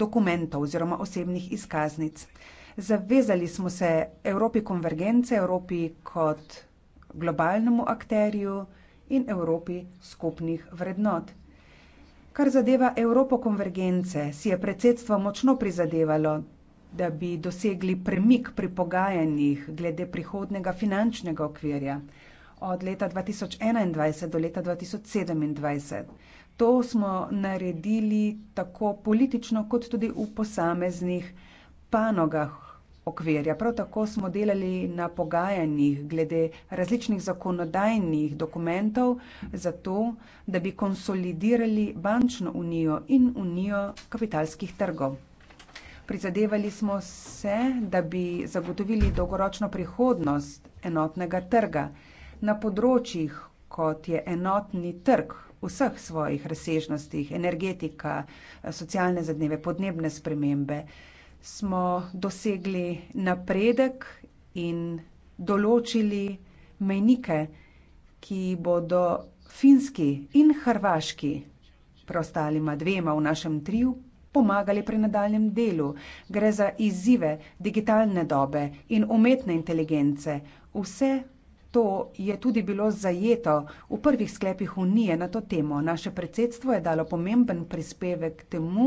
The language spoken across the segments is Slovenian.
dokumentov oziroma osebnih izkaznic. Zavezali smo se Evropi konvergence, Evropi kot globalnemu akterju in Evropi skupnih vrednot. Kar zadeva Evropo konvergence, si je predsedstvo močno prizadevalo, da bi dosegli premik pri pogajanjih glede prihodnega finančnega okvirja od leta 2021 do leta 2027. To smo naredili tako politično, kot tudi v posameznih panogah okvirja. Prav tako smo delali na pogajanjih glede različnih zakonodajnih dokumentov, zato da bi konsolidirali bančno unijo in unijo kapitalskih trgov. Prizadevali smo se, da bi zagotovili dolgoročno prihodnost enotnega trga na področjih, kot je enotni trg vseh svojih razsežnostih, energetika, socialne zadneve, podnebne spremembe, smo dosegli napredek in določili mejnike, ki bodo finski in hrvaški, preostalima dvema v našem triju, pomagali pri nadaljem delu. Gre za izzive digitalne dobe in umetne inteligence, vse To je tudi bilo zajeto v prvih sklepih Unije na to temo. Naše predsedstvo je dalo pomemben prispevek k temu,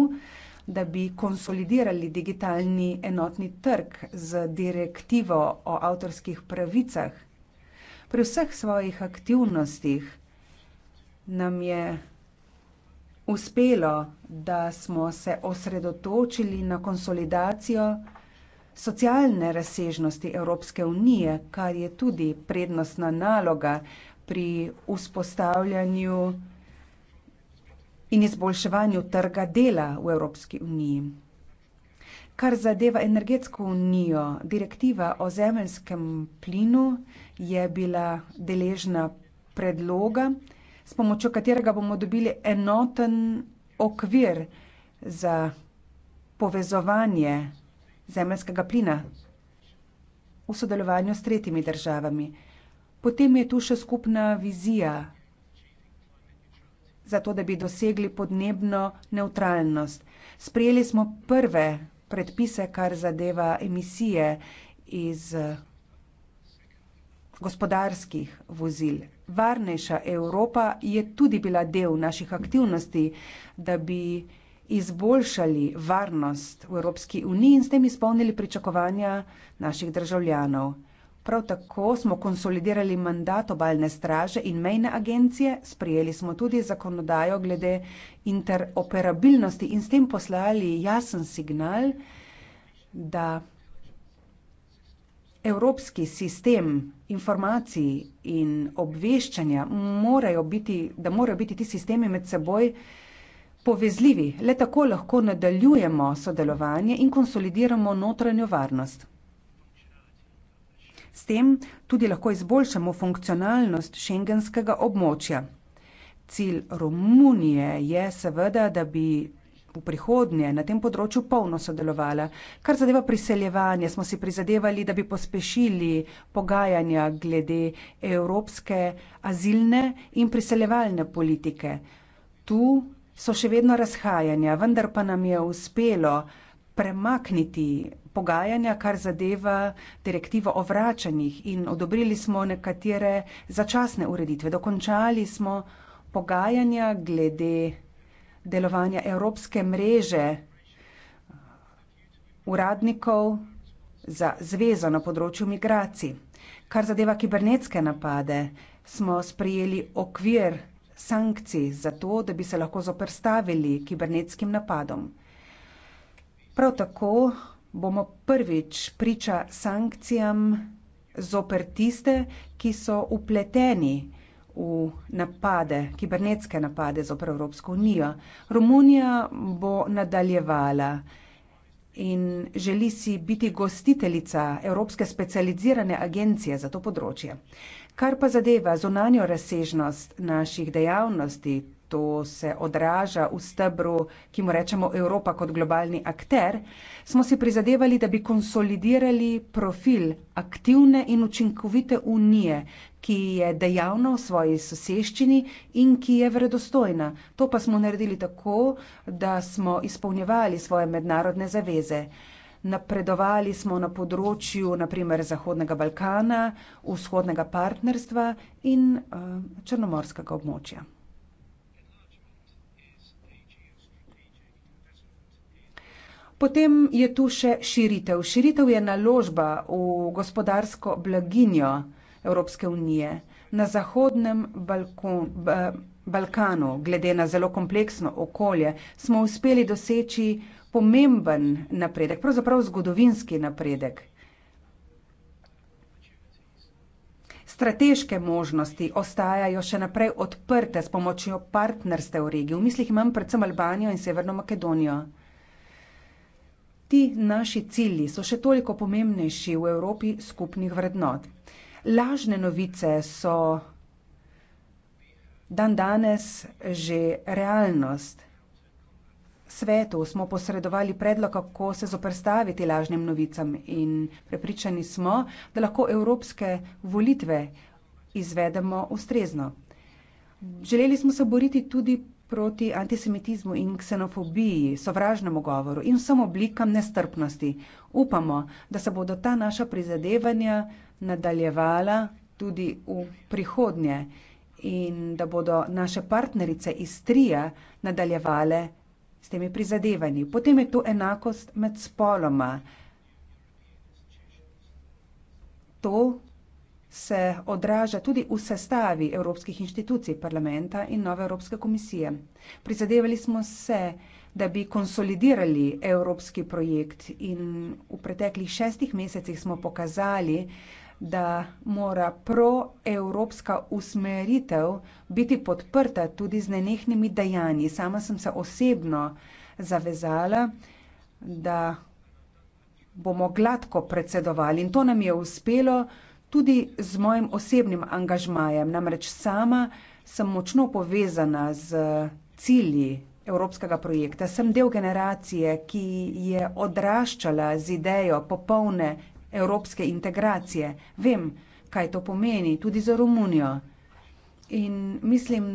da bi konsolidirali digitalni enotni trg z direktivo o avtorskih pravicah. Pri vseh svojih aktivnostih nam je uspelo, da smo se osredotočili na konsolidacijo socialne razsežnosti Evropske unije, kar je tudi prednostna naloga pri vzpostavljanju in izboljševanju trga dela v Evropski uniji. Kar zadeva energetsko unijo, direktiva o zemeljskem plinu je bila deležna predloga, s pomočjo katerega bomo dobili enoten okvir za povezovanje zemljskega plina v sodelovanju s tretjimi državami. Potem je tu še skupna vizija za to, da bi dosegli podnebno neutralnost. Sprejeli smo prve predpise, kar zadeva emisije iz gospodarskih vozil. Varnejša Evropa je tudi bila del naših aktivnosti, da bi izboljšali varnost v Evropski uniji in s tem izpolnili pričakovanja naših državljanov. Prav tako smo konsolidirali mandat obaljne straže in mejne agencije, sprijeli smo tudi zakonodajo glede interoperabilnosti in s tem poslali jasen signal, da evropski sistem informacij in obveščanja morajo biti, da morajo biti ti sistemi med seboj povezljivi, le tako lahko nadaljujemo sodelovanje in konsolidiramo notranjo varnost. S tem tudi lahko izboljšamo funkcionalnost šengenskega območja. Cilj Romunije je seveda, da bi v prihodnje na tem področju polno sodelovala. Kar zadeva priseljevanje, smo si prizadevali, da bi pospešili pogajanja glede evropske azilne in priseljevalne politike. Tu so še vedno razhajanja, vendar pa nam je uspelo premakniti pogajanja, kar zadeva direktivo o vračanjih in odobrili smo nekatere začasne ureditve. Dokončali smo pogajanja glede delovanja Evropske mreže uh, uradnikov za zvezo na področju migracij. Kar zadeva kibernetske napade, smo sprejeli okvir sankcij za to, da bi se lahko zoprstavili kibernetskim napadom. Prav tako bomo prvič priča sankcijam zoper tiste, ki so upleteni v napade, kibernetske napade zoper Evropsko unijo. Romunija bo nadaljevala in želi si biti gostiteljica Evropske specializirane agencije za to področje. Kar pa zadeva zunanjo razsežnost naših dejavnosti, to se odraža v stebru, ki mu rečemo Evropa kot globalni akter, smo si prizadevali, da bi konsolidirali profil aktivne in učinkovite unije, ki je dejavna v svoji soseščini in ki je vredostojna. To pa smo naredili tako, da smo izpolnjevali svoje mednarodne zaveze napredovali smo na področju naprimer Zahodnega Balkana, vzhodnega partnerstva in uh, črnomorskega območja. Potem je tu še širitev. Širitev je naložba v gospodarsko blaginjo Evropske unije na Zahodnem Balkon, b, eh, Balkanu. Glede na zelo kompleksno okolje smo uspeli doseči pomemben napredek, pravzaprav zgodovinski napredek. Strateške možnosti ostajajo še naprej odprte s pomočjo partnerstev v regiji. V mislih imam predvsem Albanijo in Severno Makedonijo. Ti naši cilji so še toliko pomembnejši v Evropi skupnih vrednot. Lažne novice so dan danes že realnost svetu smo posredovali predlog, kako se zoprstaviti lažnim novicam in prepričani smo, da lahko evropske volitve izvedemo ustrezno. Želeli smo se boriti tudi proti antisemitizmu in ksenofobiji, sovražnemu govoru in vsem oblikam nestrpnosti. Upamo, da se bodo ta naša prizadevanja nadaljevala tudi v prihodnje in da bodo naše partnerice iz Trija nadaljevale s temi prizadevanji. Potem je tu enakost med spoloma. To se odraža tudi v sestavi evropskih inštitucij, parlamenta in nove Evropske komisije. Prizadevali smo se, da bi konsolidirali evropski projekt in v preteklih šestih mesecih smo pokazali, da mora proevropska usmeritev biti podprta tudi z nenehnimi dejanji. Sama sem se osebno zavezala, da bomo gladko predsedovali in to nam je uspelo tudi z mojim osebnim angažmajem. Namreč sama sem močno povezana z cilji evropskega projekta. Sem del generacije, ki je odraščala z idejo popolne evropske integracije. Vem, kaj to pomeni, tudi za Romunijo. In mislim,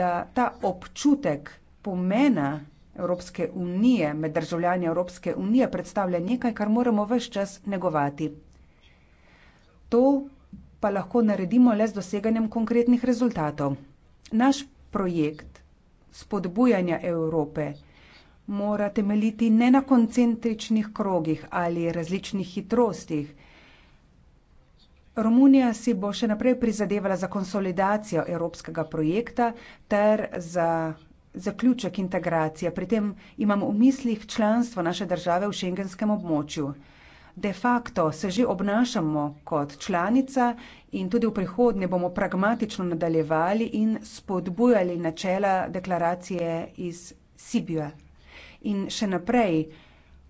da ta občutek pomena Evropske unije med državljani Evropske unije predstavlja nekaj, kar moramo vse čas negovati. To pa lahko naredimo le z doseganjem konkretnih rezultatov. Naš projekt spodbujanja Evrope mora temeljiti ne na koncentričnih krogih ali različnih hitrostih. Romunija si bo še naprej prizadevala za konsolidacijo evropskega projekta ter za zaključek integracije. Pri tem imam v mislih članstvo naše države v šengenskem območju. De facto se že obnašamo kot članica in tudi v prihodnje bomo pragmatično nadaljevali in spodbujali načela deklaracije iz Sibiuja in še naprej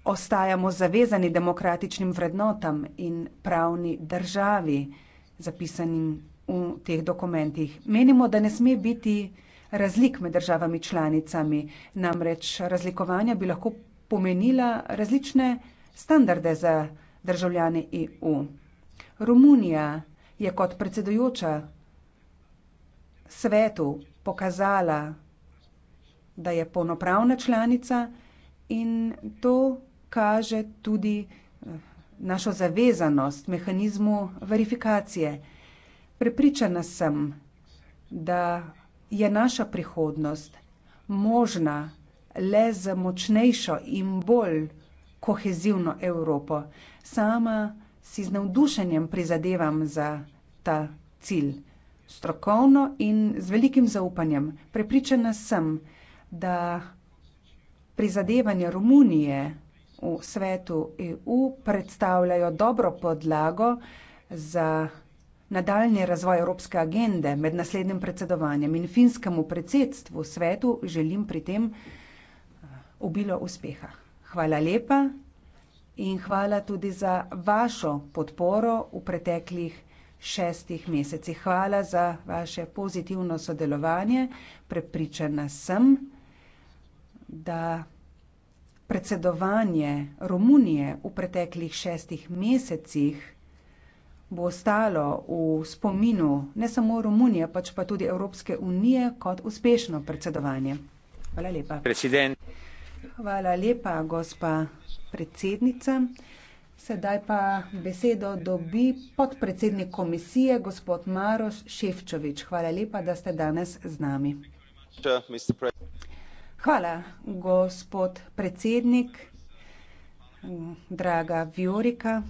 ostajamo zavezani demokratičnim vrednotam in pravni državi, zapisanim v teh dokumentih. Menimo, da ne sme biti razlik med državami članicami, namreč razlikovanja bi lahko pomenila različne standarde za državljane EU. Romunija je kot predsedujoča svetu pokazala da je polnopravna članica in to kaže tudi eh, našo zavezanost mehanizmu verifikacije. Prepričana sem, da je naša prihodnost možna le z močnejšo in bolj kohezivno Evropo. Sama si z navdušenjem prizadevam za ta cilj. Strokovno in z velikim zaupanjem. Prepričana sem, da prizadevanja Romunije v svetu EU predstavljajo dobro podlago za nadaljni razvoj evropske agende med naslednjim predsedovanjem in finskemu predsedstvu svetu želim pri tem eh, obilo uspeha. Hvala lepa in hvala tudi za vašo podporo v preteklih šestih mesecih. Hvala za vaše pozitivno sodelovanje. Prepričana sem, da predsedovanje Romunije v preteklih šestih mesecih bo ostalo v spominu ne samo Romunije, pač pa tudi Evropske unije kot uspešno predsedovanje. Hvala lepa. President. Hvala lepa, gospa predsednica. Sedaj pa besedo dobi podpredsednik komisije, gospod Maroš Ševčovič. Hvala lepa, da ste danes z nami. Sure, Hvala, gospod predsednik. Draga Viorika.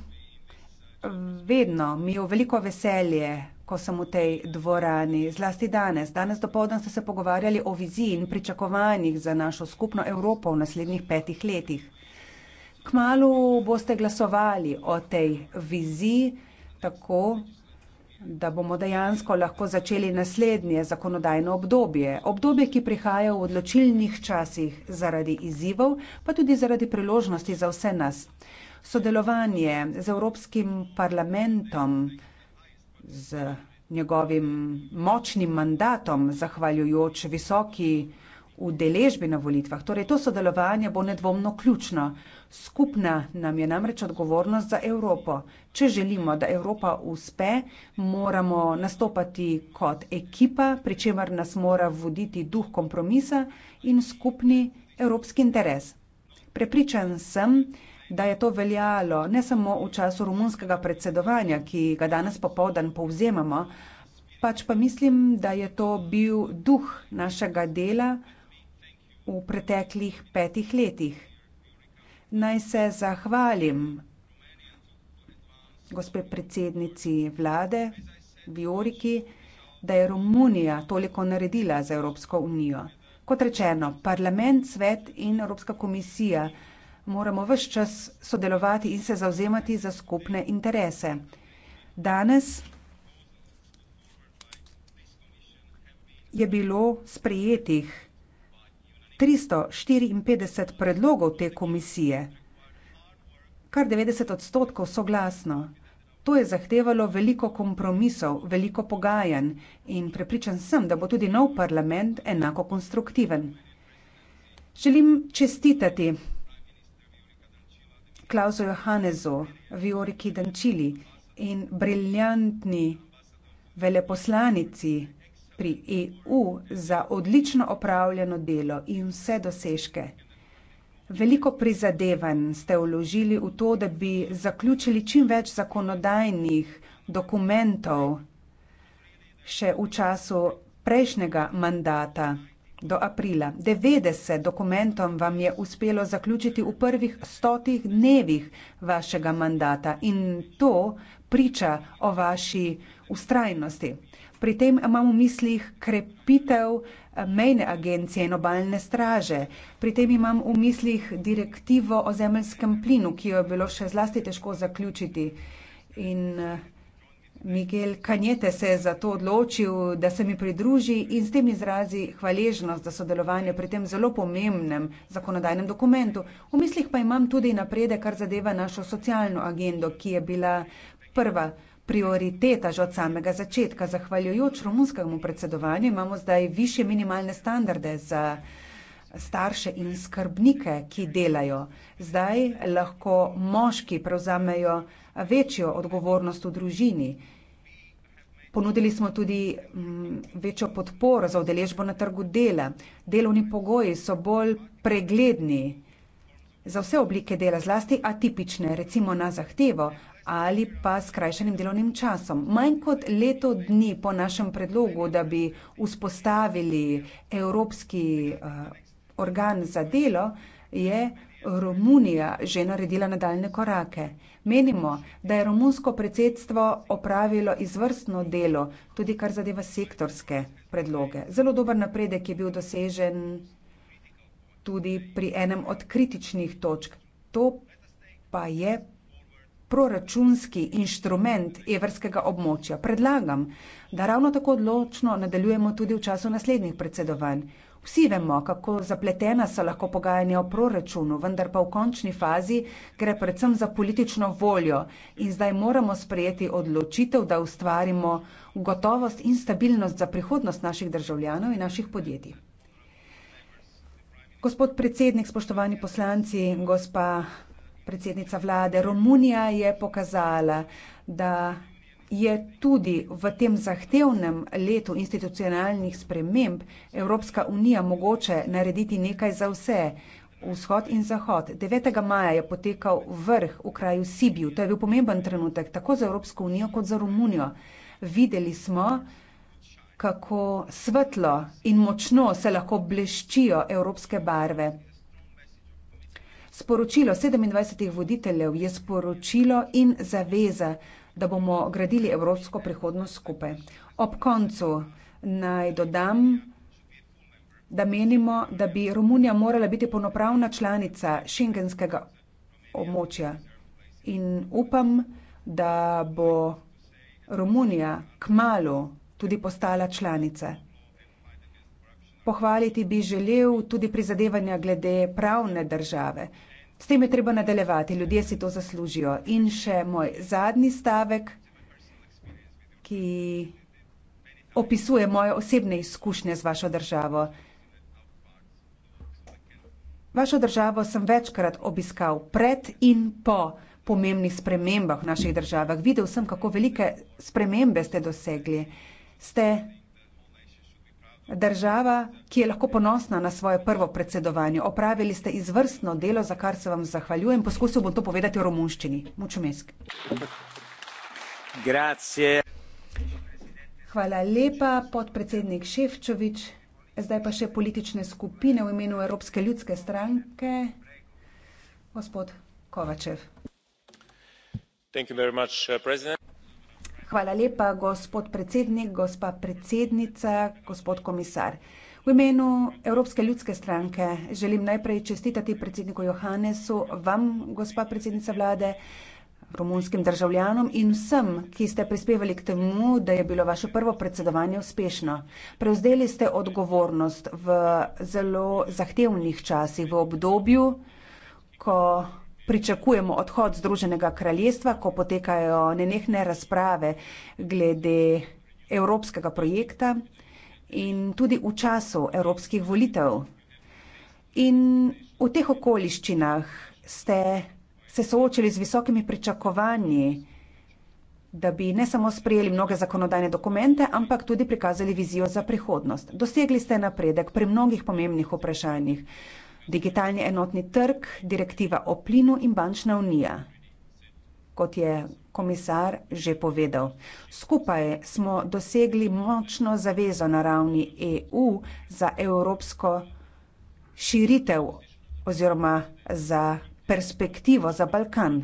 Vedno mi je v veliko veselje, ko sem v tej dvorani, zlasti danes. Danes dopoldan ste se pogovarjali o viziji in pričakovanjih za našo skupno Evropo v naslednjih petih letih. Kmalu boste glasovali o tej viziji, tako da bomo dejansko lahko začeli naslednje zakonodajno obdobje, obdobje, ki prihaja v odločilnih časih zaradi izzivov, pa tudi zaradi priložnosti za vse nas. Sodelovanje z Evropskim parlamentom, z njegovim močnim mandatom, zahvaljujoč visoki udeležbi na volitvah. Torej, to sodelovanje bo nedvomno ključno. Skupna nam je namreč odgovornost za Evropo. Če želimo, da Evropa uspe, moramo nastopati kot ekipa, pri čemer nas mora voditi duh kompromisa in skupni evropski interes. Prepričan sem, da je to veljalo ne samo v času rumunskega predsedovanja, ki ga danes popovdan povzemamo, pač pa mislim, da je to bil duh našega dela, v preteklih petih letih. Naj se zahvalim gospe predsednici vlade Vioriki, da je Romunija toliko naredila za Evropsko unijo. Kot rečeno, parlament, svet in Evropska komisija moramo vse čas sodelovati in se zauzemati za skupne interese. Danes je bilo sprejetih 354 predlogov te komisije, kar 90 odstotkov soglasno. To je zahtevalo veliko kompromisov, veliko pogajanj in prepričan sem, da bo tudi nov parlament enako konstruktiven. Želim čestitati Klausu Johannesu, Viori Kidančili in briljantni veleposlanici pri EU za odlično opravljeno delo in vse dosežke. Veliko prizadevanj ste vložili v to, da bi zaključili čim več zakonodajnih dokumentov še v času prejšnjega mandata do aprila. 90 dokumentom vam je uspelo zaključiti v prvih stotih dnevih vašega mandata in to priča o vaši ustrajnosti. Pri tem imamo v mislih krepitev eh, mejne agencije in obaljne straže. Pri tem imam v mislih direktivo o zemljskem plinu, ki jo je bilo še zlasti težko zaključiti. In eh, Miguel Kanjete se je zato odločil, da se mi pridruži in s tem izrazi hvaležnost za sodelovanje pri tem zelo pomembnem zakonodajnem dokumentu. V mislih pa imam tudi napredek, kar zadeva našo socialno agendo, ki je bila prva prioriteta že od samega začetka. Zahvaljujoč romunskemu predsedovanju imamo zdaj višje minimalne standarde za starše in skrbnike, ki delajo. Zdaj lahko moški prevzamejo večjo odgovornost v družini. Ponudili smo tudi mm, večjo podporo za udeležbo na trgu dela. Delovni pogoji so bolj pregledni za vse oblike dela, zlasti atipične, recimo na zahtevo ali pa skrajšanim delovnim časom. Manj kot leto dni po našem predlogu, da bi vzpostavili Evropski uh, organ za delo, je Romunija že naredila nadaljne korake. Menimo, da je romunsko predsedstvo opravilo izvrstno delo, tudi kar zadeva sektorske predloge. Zelo dober napredek je bil dosežen tudi pri enem od kritičnih točk. To pa je proračunski inštrument evrskega območja. Predlagam, da ravno tako odločno nadaljujemo tudi v času naslednjih predsedovanj. Vsi vemo, kako zapletena so lahko pogajanja o proračunu, vendar pa v končni fazi gre predvsem za politično voljo in zdaj moramo sprejeti odločitev, da ustvarimo gotovost in stabilnost za prihodnost naših državljanov in naših podjetij. Gospod predsednik, spoštovani poslanci, gospa Predsednica vlade, Romunija je pokazala, da je tudi v tem zahtevnem letu institucionalnih sprememb Evropska unija mogoče narediti nekaj za vse, vzhod in zahod. 9. maja je potekal vrh v kraju Sibiu. To je bil pomemben trenutek tako za Evropsko unijo kot za Romunijo. Videli smo, kako svetlo in močno se lahko bleščijo evropske barve. Sporočilo 27 voditeljev je sporočilo in zaveza, da bomo gradili evropsko prihodnost skupaj. Ob koncu naj dodam, da menimo, da bi Romunija morala biti polnopravna članica šengenskega območja in upam, da bo Romunija kmalo tudi postala članica. Pohvaliti bi želel tudi prizadevanja glede pravne države. S tem je treba nadaljevati, ljudje si to zaslužijo. In še moj zadnji stavek, ki opisuje moje osebne izkušnje z vašo državo. Vašo državo sem večkrat obiskal pred in po pomembnih spremembah v naših državah. Videl sem, kako velike spremembe ste dosegli. Ste država, ki je lahko ponosna na svoje prvo predsedovanje. Opravili ste izvrstno delo, za kar se vam zahvaljujem. Poskusil bom to povedati v romunščini. Mučumesk. Grazie. Hvala lepa, podpredsednik Ševčovič. Zdaj pa še politične skupine v imenu Evropske ljudske stranke. Gospod Kovačev. Thank you very much, uh, president. Hvala lepa, gospod predsednik, gospa predsednica, gospod komisar. V imenu Evropske ljudske stranke želim najprej čestitati predsedniku Johannesu, vam, gospa predsednica vlade, romunskim državljanom in vsem, ki ste prispevali k temu, da je bilo vaše prvo predsedovanje uspešno. Prevzeli ste odgovornost v zelo zahtevnih časih, v obdobju, ko pričakujemo odhod Združenega kraljestva, ko potekajo nenehne razprave glede evropskega projekta in tudi v času evropskih volitev. In v teh okoliščinah ste se soočili z visokimi pričakovanji, da bi ne samo sprejeli mnoge zakonodajne dokumente, ampak tudi prikazali vizijo za prihodnost. Dosegli ste napredek pri mnogih pomembnih vprašanjih digitalni enotni trg, direktiva o plinu in bančna unija. Kot je komisar že povedal, skupaj smo dosegli močno zavezo na ravni EU za evropsko širitev oziroma za perspektivo za Balkan.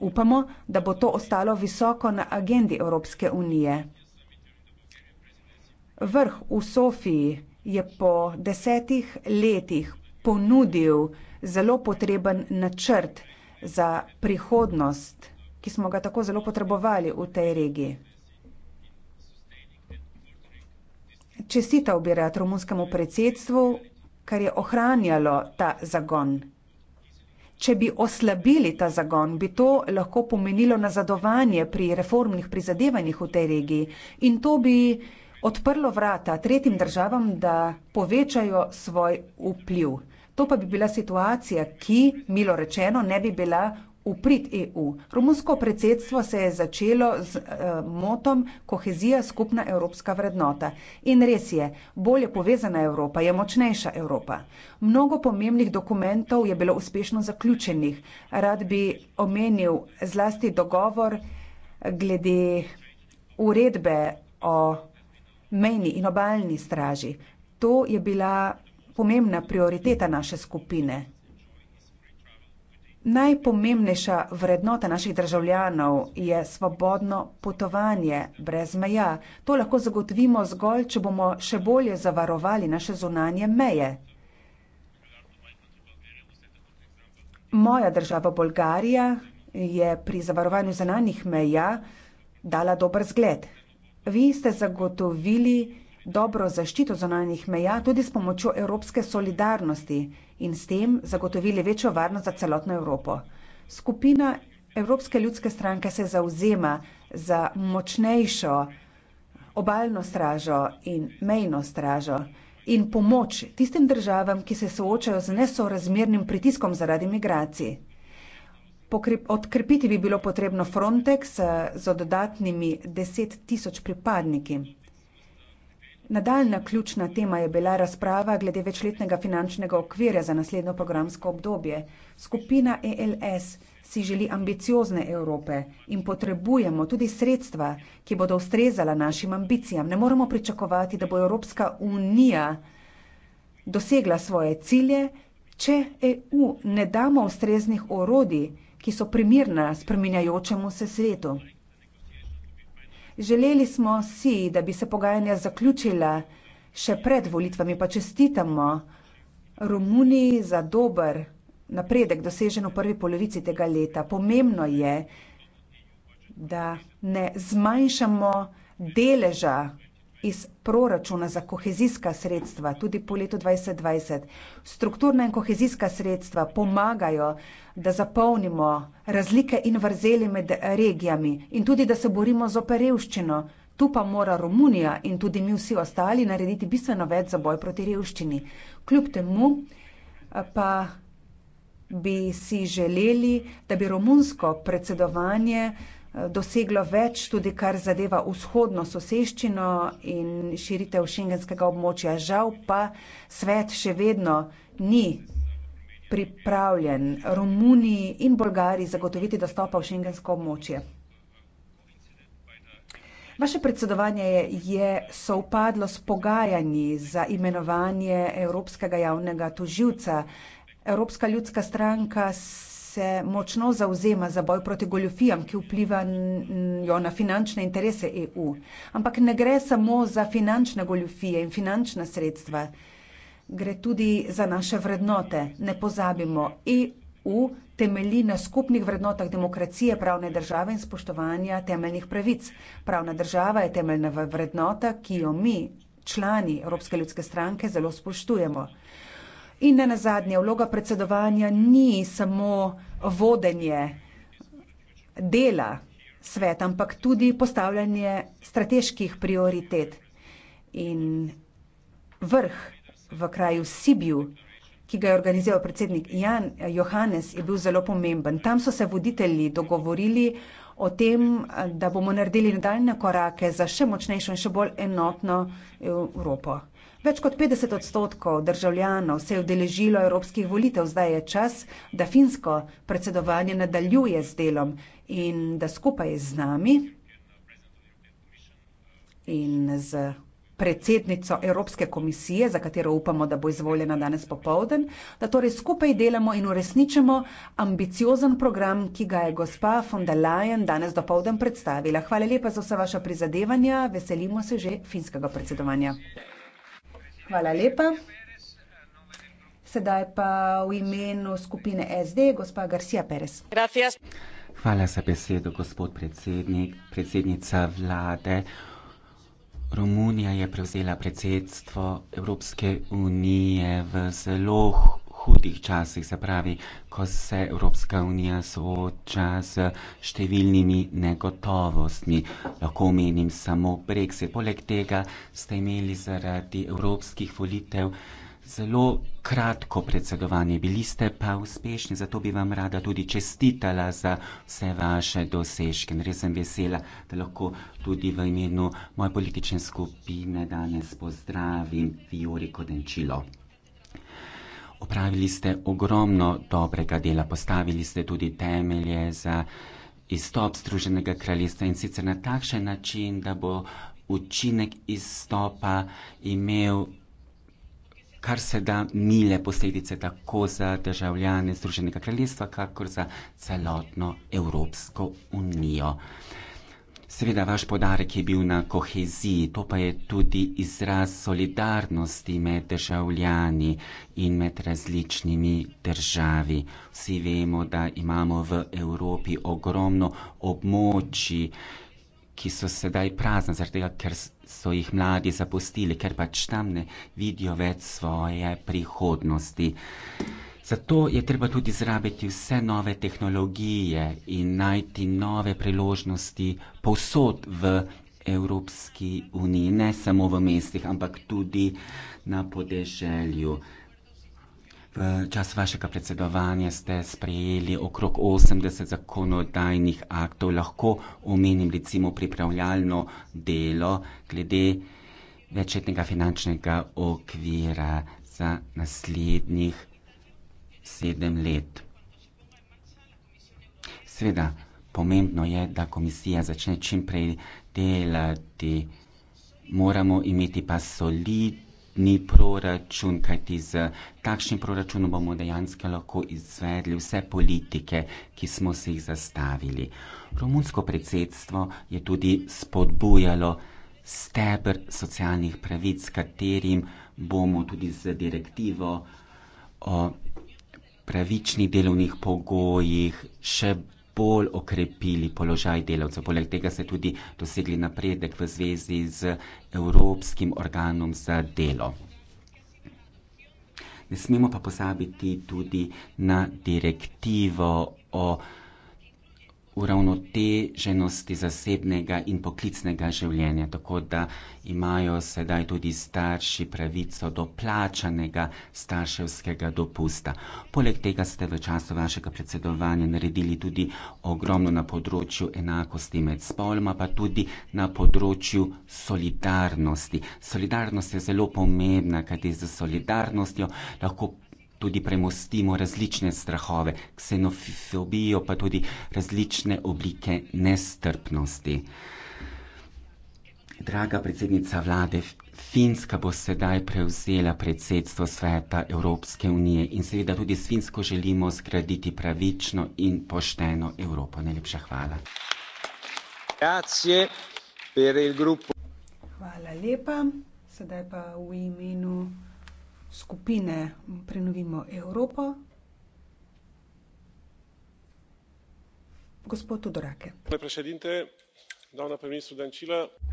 Upamo, da bo to ostalo visoko na agendi Evropske unije. Vrh v Sofiji je po desetih letih ponudil zelo potreben načrt za prihodnost, ki smo ga tako zelo potrebovali v tej regiji. Čestital bi rad romunskemu predsedstvu, kar je ohranjalo ta zagon. Če bi oslabili ta zagon, bi to lahko pomenilo nazadovanje pri reformnih prizadevanjih v tej regiji in to bi odprlo vrata tretjim državam, da povečajo svoj vpliv. To pa bi bila situacija, ki, milo rečeno, ne bi bila uprit EU. Romunsko predsedstvo se je začelo z eh, motom kohezija skupna evropska vrednota. In res je, bolje povezana Evropa je močnejša Evropa. Mnogo pomembnih dokumentov je bilo uspešno zaključenih. Rad bi omenil zlasti dogovor glede uredbe o mejni in obaljni straži. To je bila pomembna prioriteta naše skupine. Najpomembnejša vrednota naših državljanov je svobodno potovanje brez meja. To lahko zagotovimo zgolj, če bomo še bolje zavarovali naše zunanje meje. Moja država Bolgarija je pri zavarovanju zunanjih meja dala dober zgled. Vi ste zagotovili dobro zaščito zonalnih meja tudi s pomočjo evropske solidarnosti in s tem zagotovili večjo varnost za celotno Evropo. Skupina Evropske ljudske stranke se zauzema za močnejšo obaljno stražo in mejno stražo in pomoč tistim državam, ki se soočajo z nesorazmernim pritiskom zaradi migracij. Odkrepiti bi bilo potrebno Frontex eh, z dodatnimi deset tisoč pripadniki. Nadaljna ključna tema je bila razprava glede večletnega finančnega okvirja za naslednjo programsko obdobje. Skupina ELS si želi ambiciozne Evrope in potrebujemo tudi sredstva, ki bodo ustrezala našim ambicijam. Ne moremo pričakovati, da bo Evropska unija dosegla svoje cilje, če EU ne damo ustreznih orodij, ki so primerna spreminjajočemu se svetu. Želeli smo si, da bi se pogajanja zaključila še pred volitvami, pa čestitamo Romuniji za dober napredek, dosežen v prvi polovici tega leta. Pomembno je, da ne zmanjšamo deleža iz proračuna za kohezijska sredstva, tudi po letu 2020. Strukturna in kohezijska sredstva pomagajo, da zapolnimo razlike in vrzeli med regijami in tudi, da se borimo z operevščino. Tu pa mora Romunija in tudi mi vsi ostali narediti bistveno več za boj proti revščini. Kljub temu eh, pa bi si želeli, da bi romunsko predsedovanje doseglo več, tudi kar zadeva vzhodno soseščino in širitev šengenskega območja. Žal pa svet še vedno ni pripravljen Romuniji in Bolgariji zagotoviti dostopa v šengensko območje. Vaše predsedovanje je, je sovpadlo s pogajanji za imenovanje evropskega javnega tožilca. Evropska ljudska stranka se močno zauzema za boj proti goljofijam, ki vplivajo na finančne interese EU. Ampak ne gre samo za finančne goljofije in finančna sredstva, gre tudi za naše vrednote. Ne pozabimo, EU temelji na skupnih vrednotah demokracije, pravne države in spoštovanja temeljnih pravic. Pravna država je temeljna vrednota, ki jo mi, člani Evropske ljudske stranke, zelo spoštujemo. In ne nazadnje, vloga predsedovanja ni samo vodenje dela sveta, ampak tudi postavljanje strateških prioritet. In vrh v kraju Sibiu, ki ga je organiziral predsednik Jan Johannes, je bil zelo pomemben. Tam so se voditelji dogovorili o tem, da bomo naredili nadaljne korake za še močnejšo in še bolj enotno Evropo. Več kot 50 odstotkov državljanov se je udeležilo evropskih volitev, zdaj je čas, da finsko predsedovanje nadaljuje z delom in da skupaj z nami in z predsednico Evropske komisije, za katero upamo, da bo izvoljena danes popovden, da torej skupaj delamo in uresničemo ambiciozen program, ki ga je gospa von der Leyen danes dopovden predstavila. Hvala lepa za vsa vaša prizadevanja, veselimo se že finskega predsedovanja. Hvala lepa. Sedaj pa v imenu skupine SD, gospa Garcia Perez. Gracias. Hvala za besedo, gospod predsednik, predsednica vlade. Romunija je prevzela predsedstvo Evropske unije v zelo hudih časih, se pravi, ko se Evropska unija sooča s številnimi negotovostmi. Lahko omenim samo Brexit. Poleg tega ste imeli zaradi evropskih volitev zelo kratko predsedovanje, bili ste pa uspešni, zato bi vam rada tudi čestitala za vse vaše dosežke. Res sem vesela, da lahko tudi v imenu moje politične skupine danes pozdravim Fiori Kodenčilo opravili ste ogromno dobrega dela, postavili ste tudi temelje za izstop Združenega kraljestva in sicer na takšen način, da bo učinek izstopa imel kar se da mile posledice tako za državljane Združenega kraljestva, kakor za celotno Evropsko unijo. Seveda, vaš podarek je bil na koheziji, to pa je tudi izraz solidarnosti med državljani in med različnimi državi. Vsi vemo, da imamo v Evropi ogromno območji, ki so sedaj prazna, zaradi tega, ker so jih mladi zapustili, ker pač tam ne vidijo več svoje prihodnosti. Zato je treba tudi izrabiti vse nove tehnologije in najti nove priložnosti povsod v Evropski uniji, ne samo v mestih, ampak tudi na podeželju. V času vašega predsedovanja ste sprejeli okrog 80 zakonodajnih aktov, lahko omenim recimo pripravljalno delo glede večetnega finančnega okvira za naslednjih sedem let. Sveda, pomembno je, da komisija začne čim prej delati. Moramo imeti pa solidni proračun, kajti z takšnim proračunom bomo dejansko lahko izvedli vse politike, ki smo si jih zastavili. Romunsko predsedstvo je tudi spodbujalo stebr socialnih pravic, s katerim bomo tudi z direktivo o pravičnih delovnih pogojih še bolj okrepili položaj delavcev. Poleg tega se tudi dosegli napredek v zvezi z Evropskim organom za delo. Ne smemo pa pozabiti tudi na direktivo o uravnoteženosti zasebnega in poklicnega življenja, tako da imajo sedaj tudi starši pravico do plačanega starševskega dopusta. Poleg tega ste v času vašega predsedovanja naredili tudi ogromno na področju enakosti med spoloma, pa tudi na področju solidarnosti. Solidarnost je zelo pomembna, kajti z solidarnostjo lahko tudi premostimo različne strahove, ksenofobijo, pa tudi različne oblike nestrpnosti. Draga predsednica vlade, Finska bo sedaj prevzela predsedstvo sveta Evropske unije in seveda tudi s Finsko želimo zgraditi pravično in pošteno Evropo. Najlepša hvala. Hvala lepa. Sedaj pa v imenu skupine Prenovimo Evropo, gospod Tudorake.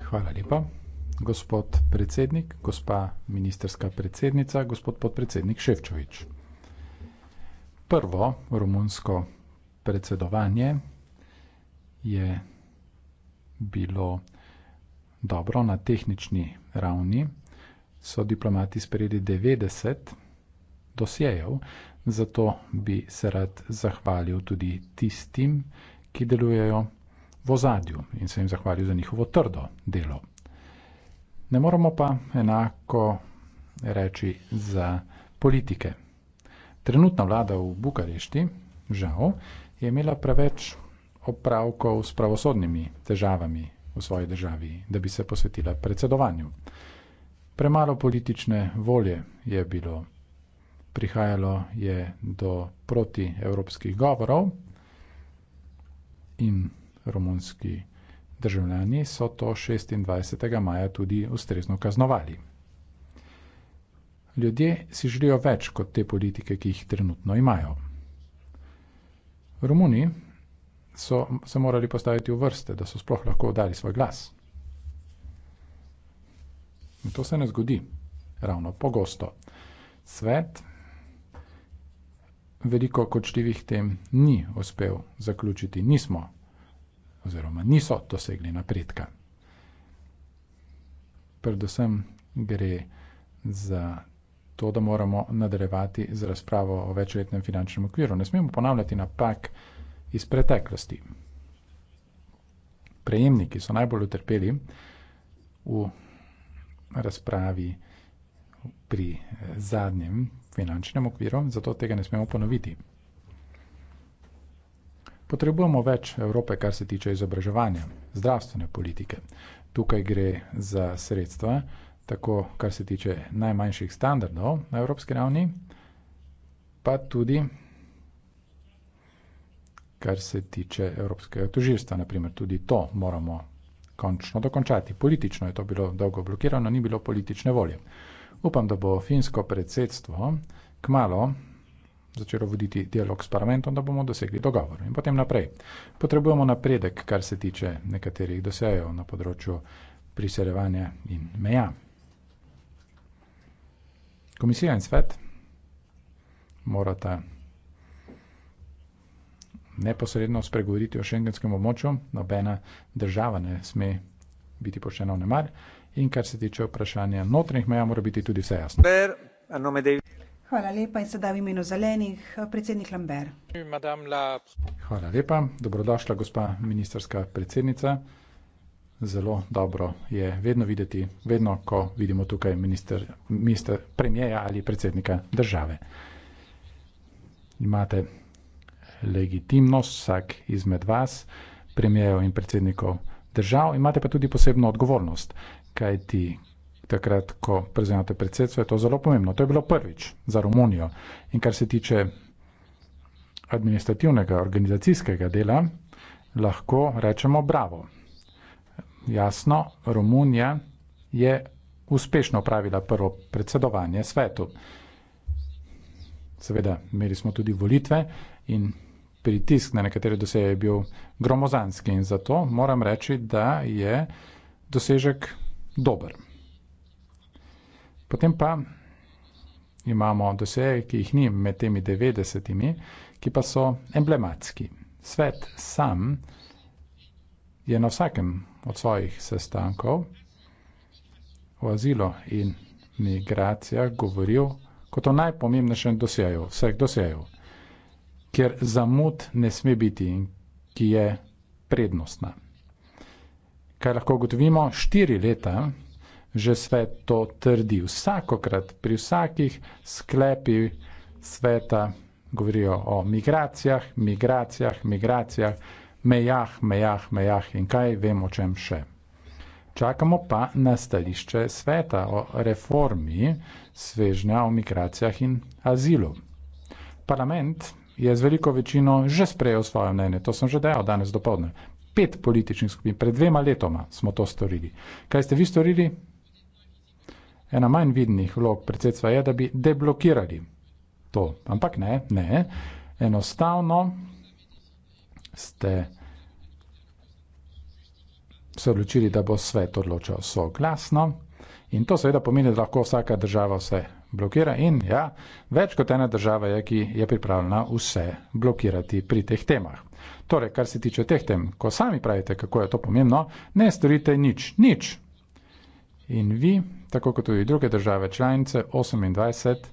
Hvala lepa. Gospod predsednik, gospa ministerska predsednica, gospod podpredsednik Ševčovič. Prvo romunsko predsedovanje je bilo dobro na tehnični ravni so diplomati sprejeli 90 dosjejev, zato bi se rad zahvalil tudi tistim, ki delujejo v ozadju in se jim zahvalil za njihovo trdo delo. Ne moramo pa enako reči za politike. Trenutna vlada v Bukarešti, žal, je imela preveč opravkov s pravosodnimi težavami v svoji državi, da bi se posvetila predsedovanju. Premalo politične volje je bilo. Prihajalo je do protievropskih govorov in romunski državljani so to 26. maja tudi ustrezno kaznovali. Ljudje si želijo več kot te politike, ki jih trenutno imajo. Romuni so se morali postaviti v vrste, da so sploh lahko dali svoj glas. In to se ne zgodi ravno pogosto. Svet veliko kočljivih tem ni uspel zaključiti, nismo oziroma niso dosegli napredka. Predvsem gre za to, da moramo nadaljevati z razpravo o večletnem finančnem okviru. Ne smemo ponavljati napak iz preteklosti. Prejemniki so najbolj utrpeli v razpravi pri eh, zadnjem finančnem okviru, zato tega ne smemo ponoviti. Potrebujemo več Evrope, kar se tiče izobraževanja, zdravstvene politike. Tukaj gre za sredstva, tako kar se tiče najmanjših standardov na evropski ravni, pa tudi kar se tiče evropskega tožilstva, naprimer tudi to moramo končno dokončati. Politično je to bilo dolgo blokirano, ni bilo politične volje. Upam, da bo finsko predsedstvo kmalo začelo voditi dialog s parlamentom, da bomo dosegli dogovor. In potem naprej. Potrebujemo napredek, kar se tiče nekaterih dosejev na področju priseljevanja in meja. Komisija in svet morata neposredno spregovoriti o šengenskem območju, nobena država ne sme biti poščena v nemar. In kar se tiče vprašanja notranjih meja, mora biti tudi vse jasno. Hvala lepa in sedaj v imenu zelenih, predsednik Lamber. Hvala lepa, dobrodošla, gospa ministerska predsednica. Zelo dobro je vedno videti, vedno, ko vidimo tukaj minister, minister premijeja ali predsednika države. Imate legitimnost vsak izmed vas, premijejo in predsednikov držav, imate pa tudi posebno odgovornost, kaj ti takrat, ko prezenate predsedstvo, je to zelo pomembno. To je bilo prvič za Romunijo. In kar se tiče administrativnega, organizacijskega dela, lahko rečemo bravo. Jasno, Romunija je uspešno pravila prvo predsedovanje svetu. Seveda, imeli smo tudi volitve in pritisk na nekatere doseje je bil gromozanski in zato moram reči, da je dosežek dober. Potem pa imamo doseje, ki jih ni med temi 90, ki pa so emblematski. Svet sam je na vsakem od svojih sestankov o azilo in migracijah govoril kot o najpomembnejšem dosejo, vseh dosejev kjer zamud ne sme biti in ki je prednostna. Kaj lahko ugotovimo? Štiri leta že svet to trdi. Vsakokrat pri vsakih sklepi sveta govorijo o migracijah, migracijah, migracijah, mejah, mejah, mejah in kaj vemo, čem še. Čakamo pa na stališče sveta o reformi svežnja o migracijah in azilu. Parlament je z veliko večino že sprejel svoje mnenje. To sem že dejal danes dopoledne. Pet političnih skupin, pred dvema letoma smo to storili. Kaj ste vi storili? Ena manj vidnih vlog predsedstva je, da bi deblokirali to. Ampak ne, ne. Enostavno ste se odločili, da bo svet odločal soglasno, In to seveda pomeni, da lahko vsaka država vse blokira in ja, več kot ena država je, ki je pripravljena vse blokirati pri teh temah. Torej, kar se tiče teh tem, ko sami pravite, kako je to pomembno, ne storite nič, nič. In vi, tako kot tudi druge države članice, 28,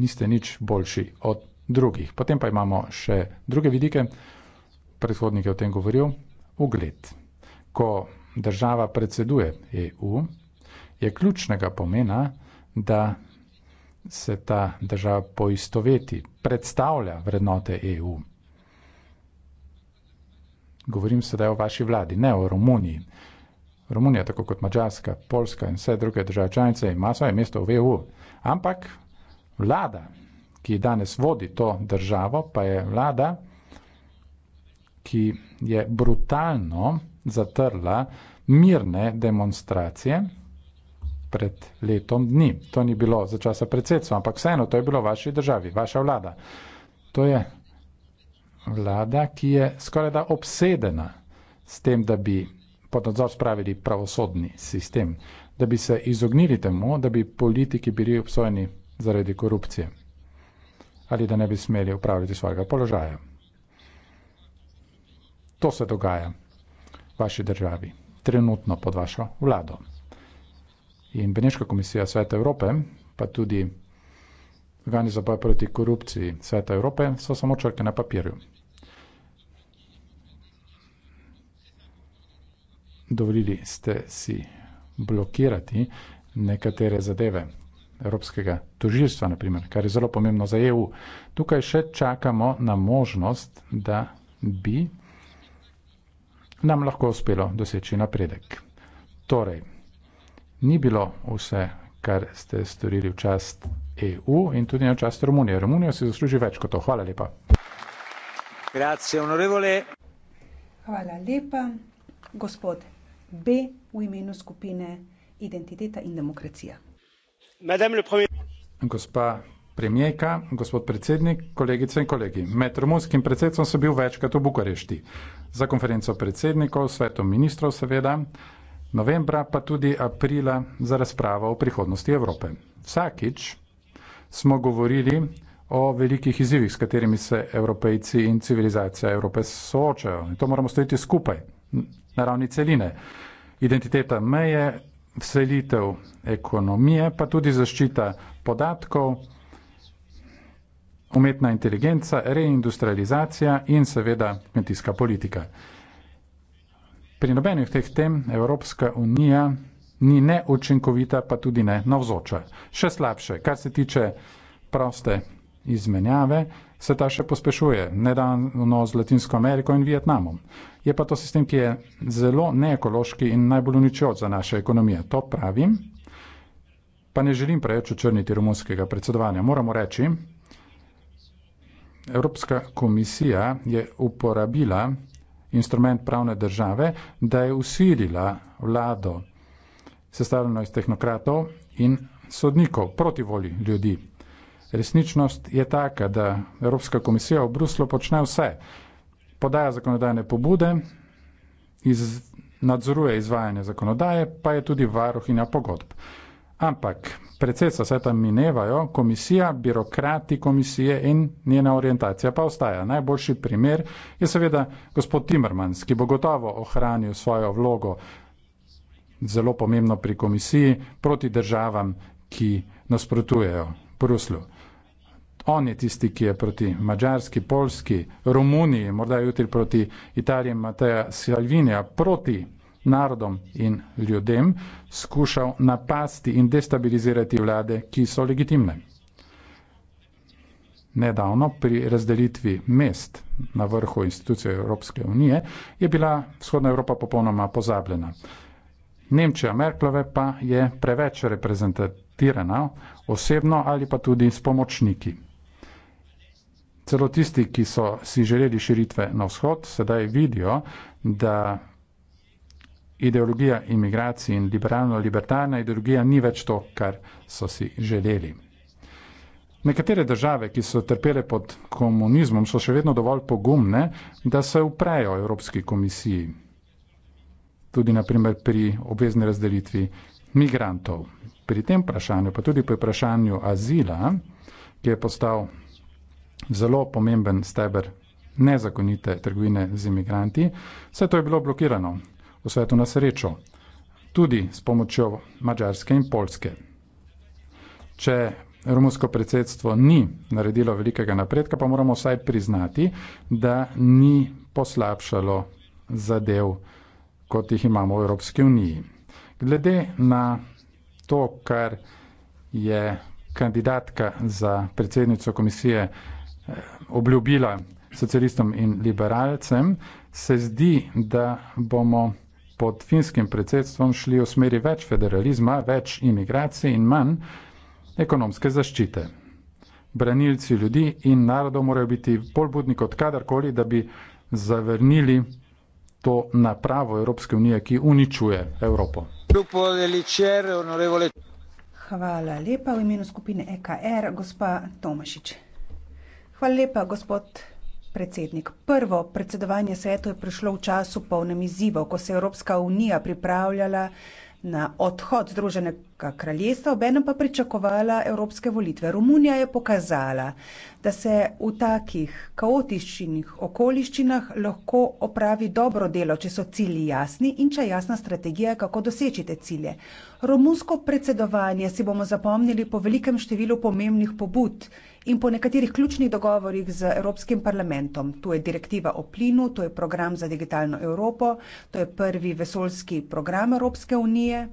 niste nič boljši od drugih. Potem pa imamo še druge vidike, predhodnik je o tem govoril, ugled. Ko država predseduje EU, je ključnega pomena, da se ta država poistoveti, predstavlja vrednote EU. Govorim sedaj o vaši vladi, ne o Romuniji. Romunija, tako kot Mačarska, Poljska in vse druge države članice, ima svoje mesto v EU. Ampak vlada, ki danes vodi to državo, pa je vlada, ki je brutalno zatrla mirne demonstracije pred letom dni. To ni bilo za časa predsedstva, ampak vseeno, to je bilo v vaši državi, vaša vlada. To je vlada, ki je skoraj da obsedena s tem, da bi pod nadzor spravili pravosodni sistem, da bi se izognili temu, da bi politiki bili obsojeni zaradi korupcije ali da ne bi smeli upravljati svojega položaja. To se dogaja vaši državi, trenutno pod vašo vlado. In Beneška komisija Sveta Evrope, pa tudi organi za boj proti korupciji Sveta Evrope, so samo črke na papirju. Dovolili ste si blokirati nekatere zadeve Evropskega tožilstva, naprimer, kar je zelo pomembno za EU. Tukaj še čakamo na možnost, da bi nam lahko uspelo doseči napredek. Torej, ni bilo vse, kar ste storili v čast EU in tudi na čast Romunije. Romunija si zasluži več kot to. Hvala lepa. Grazie, onorevole. Hvala lepa, gospod B v imenu skupine Identiteta in demokracija. Gospa premijejka, gospod predsednik, kolegice in kolegi. Med romunskim predsedstvom sem bil večkrat v Bukarešti za konferenco predsednikov, svetom ministrov seveda, novembra pa tudi aprila za razpravo o prihodnosti Evrope. Vsakič smo govorili o velikih izzivih, s katerimi se evropejci in civilizacija Evrope soočajo. In to moramo stojiti skupaj na ravni celine. Identiteta meje, selitev ekonomije, pa tudi zaščita podatkov, umetna inteligenca, reindustrializacija in seveda kmetijska politika. Pri nobenih teh tem Evropska unija ni neučinkovita, pa tudi ne navzoča. Še slabše, kar se tiče proste izmenjave, se ta še pospešuje, nedavno z Latinsko Ameriko in Vietnamom. Je pa to sistem, ki je zelo neekološki in najbolj uničujoč za naše ekonomije. To pravim, pa ne želim preveč očrniti romunskega predsedovanja. Moramo reči, Evropska komisija je uporabila instrument pravne države, da je usilila vlado, sestavljeno iz tehnokratov in sodnikov proti volji ljudi. Resničnost je taka, da Evropska komisija v Bruslu počne vse, podaja zakonodajne pobude, iz, nadzoruje izvajanje zakonodaje, pa je tudi varohina pogodb. Ampak predsej so se tam minevajo, komisija, birokrati komisije in njena orientacija pa ostaja. Najboljši primer je seveda gospod Timmermans, ki bo gotovo ohranil svojo vlogo, zelo pomembno pri komisiji, proti državam, ki nasprotujejo Bruslju. On je tisti, ki je proti Mačarski, Polski, Romuniji, morda jutri proti Italiji, Mateja Salvinija, proti narodom in ljudem skušal napasti in destabilizirati vlade, ki so legitimne. Nedavno pri razdelitvi mest na vrhu institucije Evropske unije je bila vzhodna Evropa popolnoma pozabljena. Nemčija Merklove pa je preveč reprezentatirana osebno ali pa tudi s pomočniki. Celo tisti, ki so si želeli širitve na vzhod, sedaj vidijo, da ideologija imigracij in liberalno-libertarna ideologija ni več to, kar so si želeli. Nekatere države, ki so trpele pod komunizmom, so še vedno dovolj pogumne, da se uprejo Evropski komisiji. Tudi naprimer pri obvezni razdelitvi migrantov. Pri tem vprašanju, pa tudi pri vprašanju azila, ki je postal zelo pomemben steber nezakonite trgovine z imigranti, vse to je bilo blokirano svetu na srečo, tudi s pomočjo Mačarske in Polske. Če romunsko predsedstvo ni naredilo velikega napredka, pa moramo vsaj priznati, da ni poslabšalo zadev, kot jih imamo v Evropski uniji. Glede na to, kar je kandidatka za predsednico komisije eh, obljubila socialistom in liberalcem, se zdi, da bomo pod finskim predsedstvom šli v smeri več federalizma, več imigracij in manj ekonomske zaščite. Branilci ljudi in narodov morajo biti bolj budni kot kadarkoli, da bi zavrnili to napravo Evropske unije, ki uničuje Evropo. Hvala lepa v imenu skupine EKR, gospa Tomašič. Hvala lepa, gospod predsednik. Prvo predsedovanje svetu je prišlo v času polnem izzivov, ko se je Evropska unija pripravljala na odhod Združenega kraljestva, obenem pa pričakovala evropske volitve. Romunija je pokazala, da se v takih kaotičnih okoliščinah lahko opravi dobro delo, če so cilji jasni in če je jasna strategija, kako doseči te cilje. Romunsko predsedovanje si bomo zapomnili po velikem številu pomembnih pobud, in po nekaterih ključnih dogovorih z Evropskim parlamentom. Tu je direktiva o plinu, tu je program za digitalno Evropo, tu je prvi vesoljski program Evropske unije,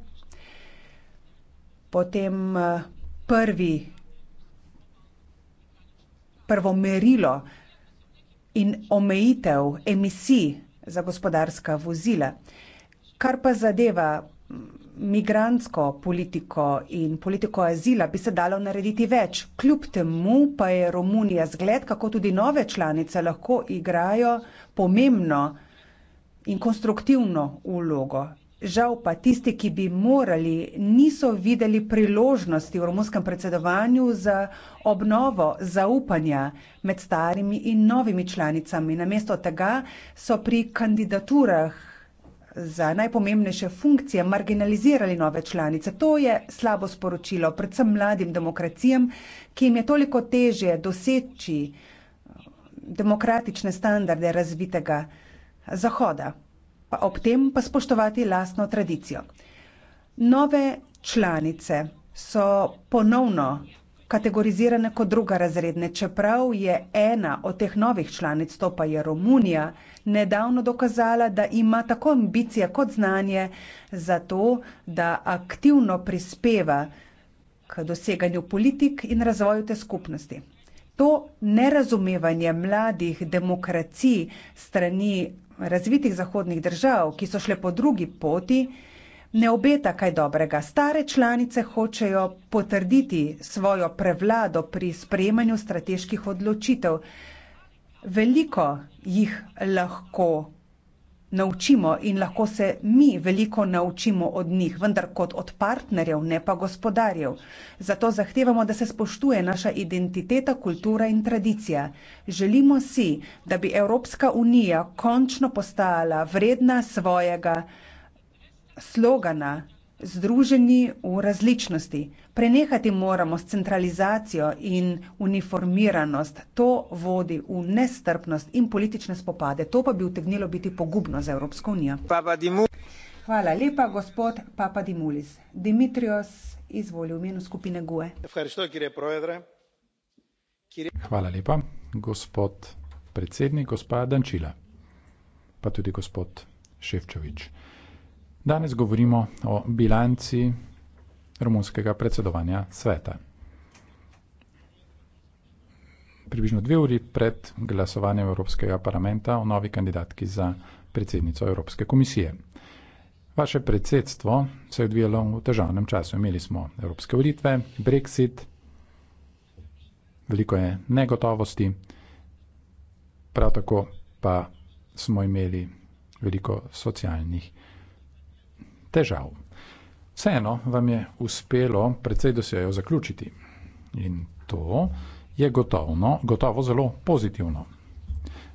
potem eh, prvi, prvo merilo in omejitev emisij za gospodarska vozila. Kar pa zadeva migransko politiko in politiko azila bi se dalo narediti več. Kljub temu pa je Romunija zgled, kako tudi nove članice lahko igrajo pomembno in konstruktivno vlogo. Žal pa tisti, ki bi morali, niso videli priložnosti v romunskem predsedovanju za obnovo zaupanja med starimi in novimi članicami. Namesto tega so pri kandidaturah za najpomembnejše funkcije marginalizirali nove članice. To je slabo sporočilo, predvsem mladim demokracijam, ki jim je toliko teže doseči eh, demokratične standarde razvitega Zahoda, pa ob tem pa spoštovati lastno tradicijo. Nove članice so ponovno kategorizirane kot druga razredne, čeprav je ena od teh novih članic, to pa je Romunija, nedavno dokazala, da ima tako ambicije kot znanje za to, da aktivno prispeva k doseganju politik in razvoju te skupnosti. To nerazumevanje mladih demokracij strani razvitih zahodnih držav, ki so šle po drugi poti, ne obeta kaj dobrega. Stare članice hočejo potrditi svojo prevlado pri sprejemanju strateških odločitev. Veliko jih lahko naučimo in lahko se mi veliko naučimo od njih, vendar kot od partnerjev, ne pa gospodarjev. Zato zahtevamo, da se spoštuje naša identiteta, kultura in tradicija. Želimo si, da bi Evropska unija končno postala vredna svojega slogana Združeni v različnosti. Prenehati moramo s centralizacijo in uniformiranost. To vodi v nestrpnost in politične spopade. To pa bi utegnilo biti pogubno za Evropsko unijo. Hvala lepa, gospod Papa Dimulis. Dimitrios, izvoli v imenu skupine GUE. Hvala lepa, gospod predsednik, gospa Dančila, pa tudi gospod Ševčovič. Danes govorimo o bilanci romunskega predsedovanja sveta. Približno dve uri pred glasovanjem Evropskega parlamenta o novi kandidatki za predsednico Evropske komisije. Vaše predsedstvo se je odvijalo v težavnem času. Imeli smo evropske volitve, Brexit, veliko je negotovosti, prav tako pa smo imeli veliko socialnih problemov težav. Vseeno vam je uspelo precej dosjejo zaključiti in to je gotovno, gotovo zelo pozitivno.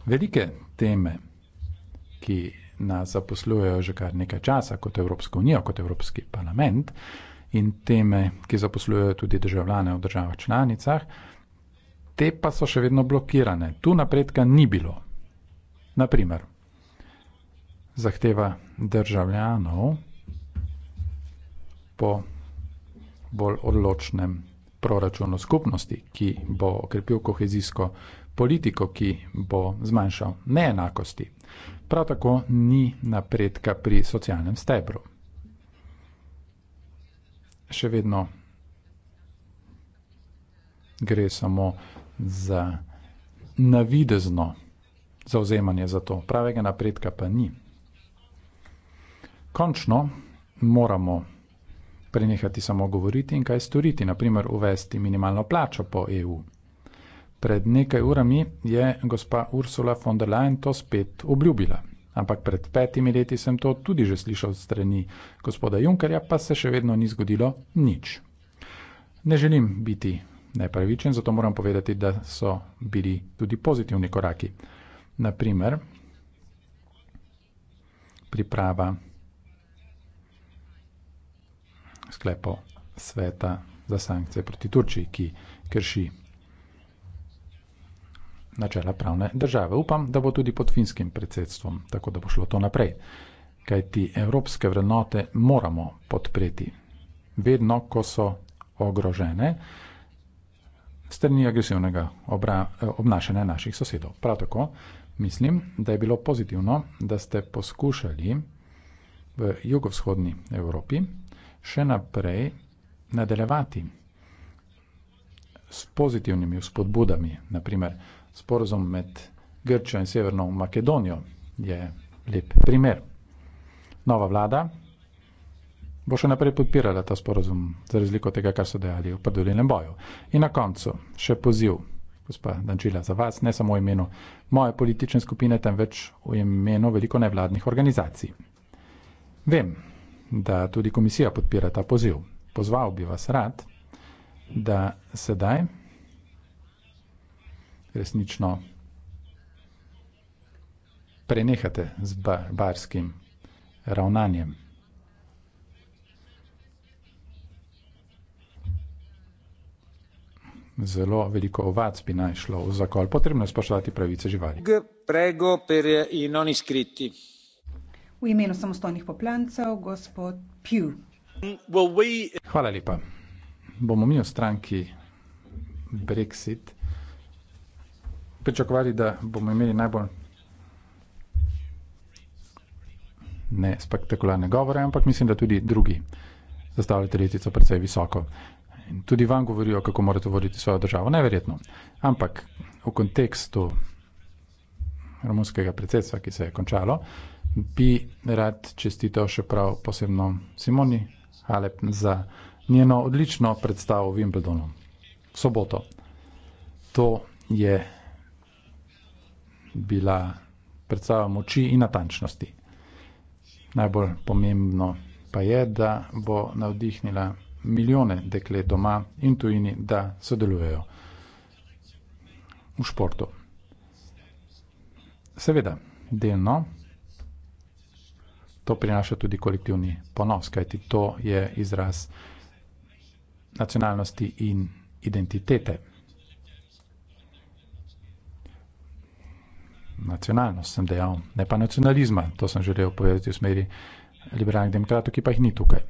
Velike teme, ki nas zaposlujejo že kar nekaj časa kot Evropsko unijo, kot Evropski parlament in teme, ki zaposlujejo tudi državljane v državah članicah, te pa so še vedno blokirane. Tu napredka ni bilo. Naprimer, zahteva državljanov, po bolj odločnem proračunu skupnosti, ki bo okrepil kohezijsko politiko, ki bo zmanjšal neenakosti. Prav tako ni napredka pri socialnem stebru. Še vedno gre samo za navidezno zauzemanje za to, pravega napredka pa ni. Končno moramo prenehati samo govoriti in kaj storiti, naprimer uvesti minimalno plačo po EU. Pred nekaj urami je gospa Ursula von der Leyen to spet obljubila, ampak pred petimi leti sem to tudi že slišal strani gospoda Junkerja, pa se še vedno ni zgodilo nič. Ne želim biti nepravičen, zato moram povedati, da so bili tudi pozitivni koraki. Naprimer, priprava sklepov sveta za sankcije proti Turčiji, ki krši načela pravne države. Upam, da bo tudi pod finskim predsedstvom, tako da bo šlo to naprej. Kaj ti evropske vrednote moramo podpreti. Vedno, ko so ogrožene strani agresivnega obra, obnašanja naših sosedov. Prav tako mislim, da je bilo pozitivno, da ste poskušali v jugovzhodni Evropi še naprej nadaljevati s pozitivnimi vzpodbudami. Naprimer, sporozum med Grčjo in Severno Makedonijo je lep primer. Nova vlada bo še naprej podpirala ta sporozum za razliko tega, kar so dejali v predvoljenem boju. In na koncu še poziv, gospa Danžila, za vas, ne samo v imenu moje politične skupine, temveč v imenu veliko nevladnih organizacij. Vem, da tudi komisija podpira ta poziv. Pozval bi vas rad, da sedaj resnično prenehate z barbarskim ravnanjem. Zelo veliko ovac bi naj šlo v zakol. Potrebno je spoštovati pravice živali. V imenu samostojnih poplancev, gospod Pew. Hvala lepa. Bomo mi v stranki Brexit pričakovali, da bomo imeli najbolj ne spektakularne govore, ampak mislim, da tudi drugi zastavljate letico precej visoko. In tudi vam govorijo, kako morate voditi svojo državo. Neverjetno. Ampak v kontekstu romunskega predsedstva, ki se je končalo, bi rad čestital še prav posebno Simoni Halep za njeno odlično predstavo v Wimbledonu v soboto. To je bila predstava moči in natančnosti. Najbolj pomembno pa je, da bo navdihnila milijone deklet doma in tujini, da sodelujejo v športu. Seveda, delno to prinaša tudi kolektivni ponos, kajti to je izraz nacionalnosti in identitete. Nacionalnost sem dejal, ne pa nacionalizma, to sem želel povedati v smeri liberalnih demokratov, ki pa jih ni tukaj.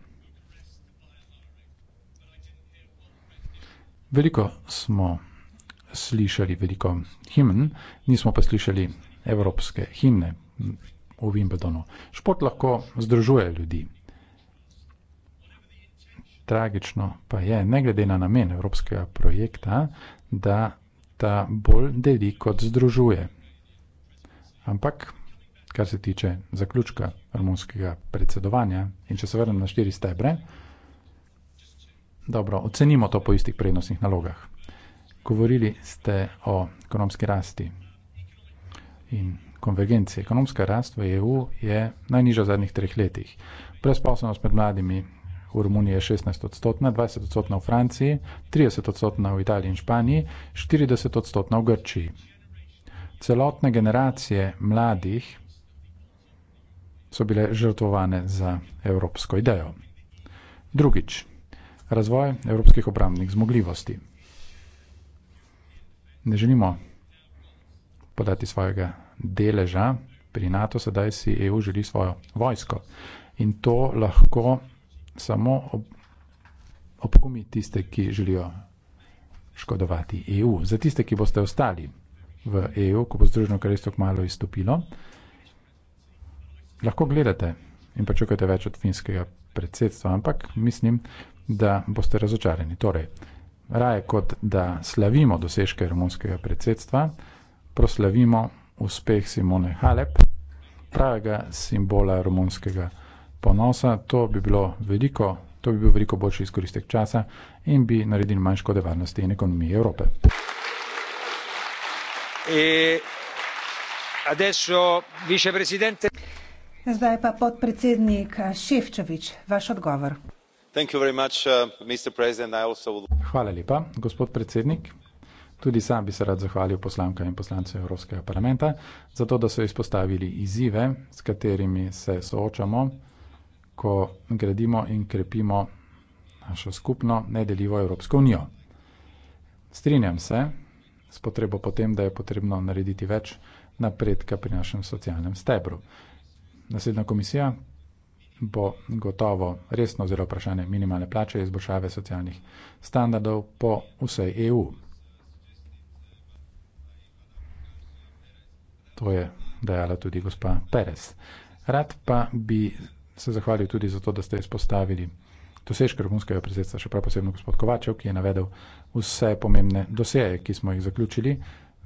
Veliko smo slišali, veliko himn, nismo pa slišali evropske himne v Wimbledonu. Šport lahko združuje ljudi. Tragično pa je, ne glede na namen evropskega projekta, da ta bolj deli kot združuje. Ampak, kar se tiče zaključka romunskega predsedovanja, in če se vrnem na štiri stebre, dobro, ocenimo to po istih prednostnih nalogah. Govorili ste o ekonomski rasti in konvergenci. Ekonomska rast v EU je najnižja v zadnjih treh letih. Brezposobnost med mladimi v Romuniji je 16 odstotna, 20 odstotna v Franciji, 30 odstotna v Italiji in Španiji, 40 odstotna v Grčiji. Celotne generacije mladih so bile žrtvovane za evropsko idejo. Drugič, razvoj evropskih obramnih zmogljivosti. Ne želimo podati svojega deleža. Pri NATO sedaj si EU želi svojo vojsko. In to lahko samo ob, opogumi tiste, ki želijo škodovati EU. Za tiste, ki boste ostali v EU, ko bo Združeno kraljestvo kmalo izstopilo, lahko gledate in pričakujete več od finskega predsedstva, ampak mislim, da boste razočarani. Torej, raje kot da slavimo dosežke romunskega predsedstva, proslavimo uspeh Simone Halep, pravega simbola romunskega ponosa. To bi, bilo veliko, to bi bil veliko boljši izkoristek časa in bi naredil manj škode varnosti in ekonomiji Evrope. E, Zdaj pa podpredsednik Ševčovič, vaš odgovor. Much, uh, also... Hvala lepa, gospod predsednik. Tudi sam bi se rad zahvalil poslankam in poslancem Evropskega parlamenta za to, da so izpostavili izzive, s katerimi se soočamo, ko gradimo in krepimo našo skupno nedeljivo Evropsko unijo. Strinjam se s potrebo potem, da je potrebno narediti več napredka pri našem socialnem stebru. Naslednja komisija bo gotovo resno zelo vprašanje minimalne plače izboljšave socialnih standardov po vsej EU. To je dejala tudi gospa Perez. Rad pa bi se zahvalil tudi za to, da ste izpostavili dosežke romunskega predsedstva, še prav posebno gospod Kovačev, ki je navedel vse pomembne doseje, ki smo jih zaključili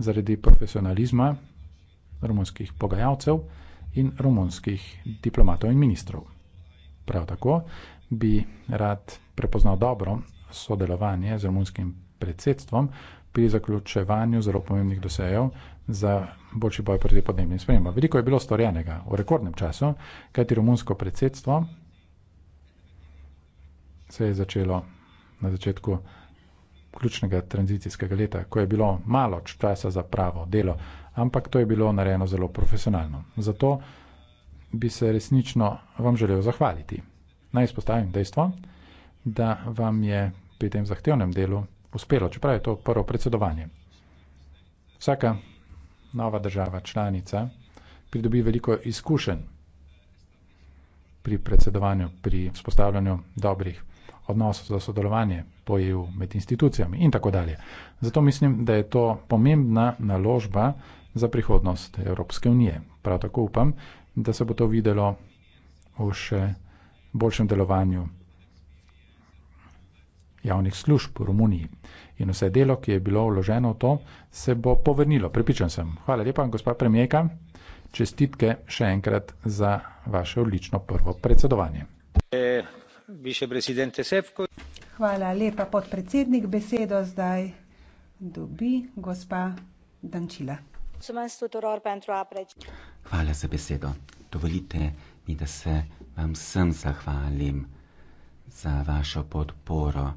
zaradi profesionalizma romunskih pogajalcev in romunskih diplomatov in ministrov. Prav tako bi rad prepoznal dobro sodelovanje z romunskim predsedstvom pri zaključevanju zelo pomembnih dosejev za boljši boj proti podnebnim spremembam. Veliko je bilo storjenega v rekordnem času, kajti romunsko predsedstvo se je začelo na začetku ključnega tranzicijskega leta, ko je bilo malo časa za pravo delo, ampak to je bilo narejeno zelo profesionalno. Zato bi se resnično vam želel zahvaliti. Naj izpostavim dejstvo, da vam je pri tem zahtevnem delu uspelo, čeprav je to prvo predsedovanje. Vsaka nova država članica, pridobi veliko izkušenj pri predsedovanju, pri vzpostavljanju dobrih odnosov za sodelovanje po EU med institucijami in tako dalje. Zato mislim, da je to pomembna naložba za prihodnost Evropske unije. Prav tako upam, da se bo to videlo v še boljšem delovanju javnih služb v Romuniji in vse delo, ki je bilo vloženo v to, se bo povrnilo. Pripričan sem. Hvala lepa, gospa premijeka. Čestitke še enkrat za vaše odlično prvo predsedovanje. Eh, Hvala lepa, podpredsednik. Besedo zdaj dobi gospa Dančila. Hvala za besedo. Dovolite mi, da se vam vsem zahvalim za vašo podporo.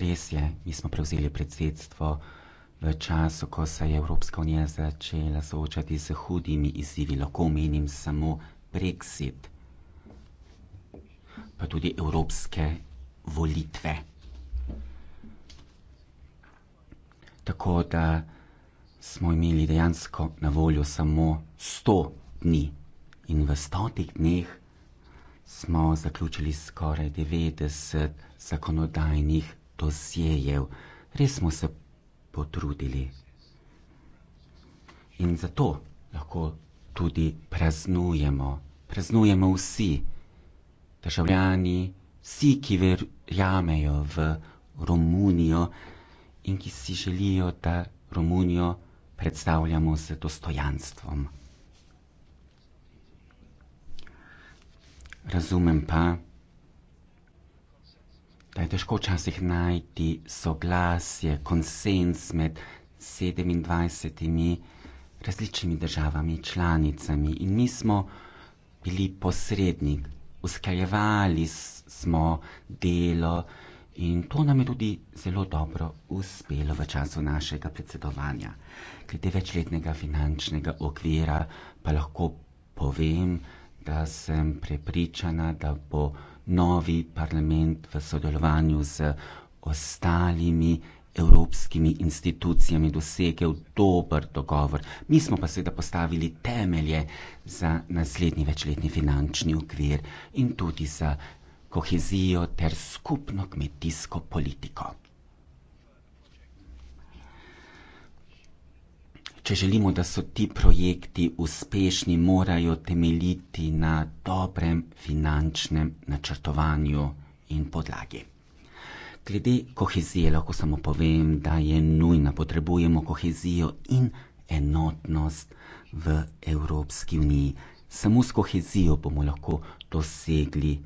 Res je, mi smo prevzeli predsedstvo v času, ko se je Evropska unija začela soočati z hudimi izzivi, lahko omenim samo Brexit, pa tudi evropske volitve. Tako da smo imeli dejansko na voljo samo 100 dni in v 100 dneh smo zaključili skoraj 90 zakonodajnih to sejev, res smo se potrudili. In zato lahko tudi praznujemo, praznujemo vsi, državljani, vsi, ki verjamejo v Romunijo in ki si želijo, da Romunijo predstavljamo z dostojanstvom. Razumem pa, da je težko včasih najti soglasje, konsens med 27 različnimi državami, članicami. In mi smo bili posrednik, usklajevali smo delo in to nam je tudi zelo dobro uspelo v času našega predsedovanja. Glede večletnega finančnega okvira pa lahko povem, da sem prepričana, da bo novi parlament v sodelovanju z ostalimi evropskimi institucijami dosegel dober dogovor. Mi smo pa seveda postavili temelje za naslednji večletni finančni okvir in tudi za kohezijo ter skupno kmetijsko politiko. če želimo, da so ti projekti uspešni, morajo temeljiti na dobrem finančnem načrtovanju in podlagi. Glede kohezije lahko samo povem, da je nujna, potrebujemo kohezijo in enotnost v Evropski uniji. Samo s kohezijo bomo lahko dosegli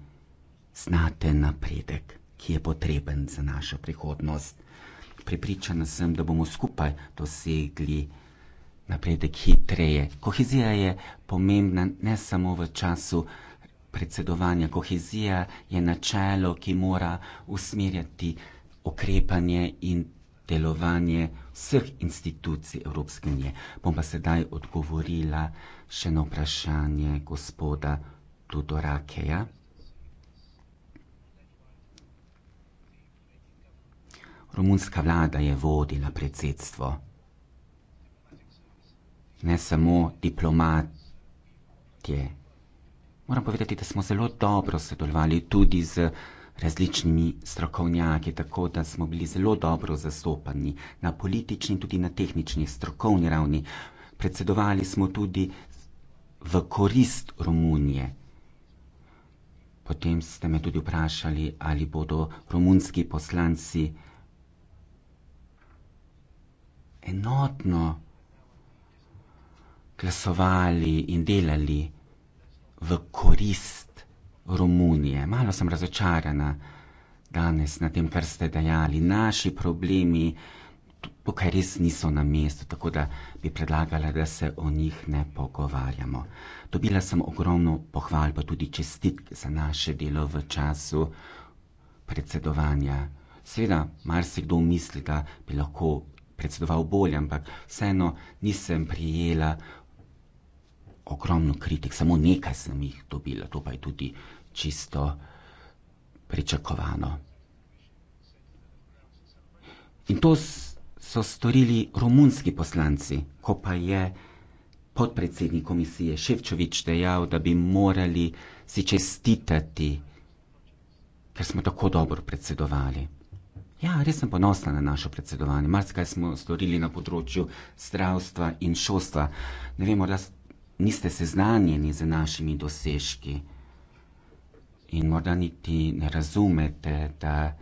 znaten napredek, ki je potreben za našo prihodnost. Pripričana sem, da bomo skupaj dosegli napredek hitreje. Kohezija je pomembna ne samo v času predsedovanja. Kohezija je načelo, ki mora usmerjati okrepanje in delovanje vseh institucij Evropske unije. Bom pa sedaj odgovorila še na vprašanje gospoda Tudorakeja. Romunska vlada je vodila predsedstvo ne samo diplomatje. Moram povedati, da smo zelo dobro sodelovali tudi z različnimi strokovnjaki, tako da smo bili zelo dobro zastopani na politični in tudi na tehnični strokovni ravni. Predsedovali smo tudi v korist Romunije. Potem ste me tudi vprašali, ali bodo romunski poslanci enotno glasovali in delali v korist Romunije. Malo sem razočarana danes na tem, kar ste dejali. Naši problemi tukaj res niso na mestu, tako da bi predlagala, da se o njih ne pogovarjamo. Dobila sem ogromno pohval, pa tudi čestit za naše delo v času predsedovanja. Seveda, marsikdo misli, da bi lahko predsedoval bolje, ampak vseeno nisem prijela ogromno kritik, samo nekaj sem jih dobila, to pa je tudi čisto pričakovano. In to so storili romunski poslanci, ko pa je podpredsednik komisije Ševčovič dejal, da bi morali si čestitati, ker smo tako dobro predsedovali. Ja, res sem ponosna na našo predsedovanje. Marsikaj smo storili na področju zdravstva in šolstva. Ne vem, morda niste seznanjeni z našimi dosežki in morda niti ne razumete, da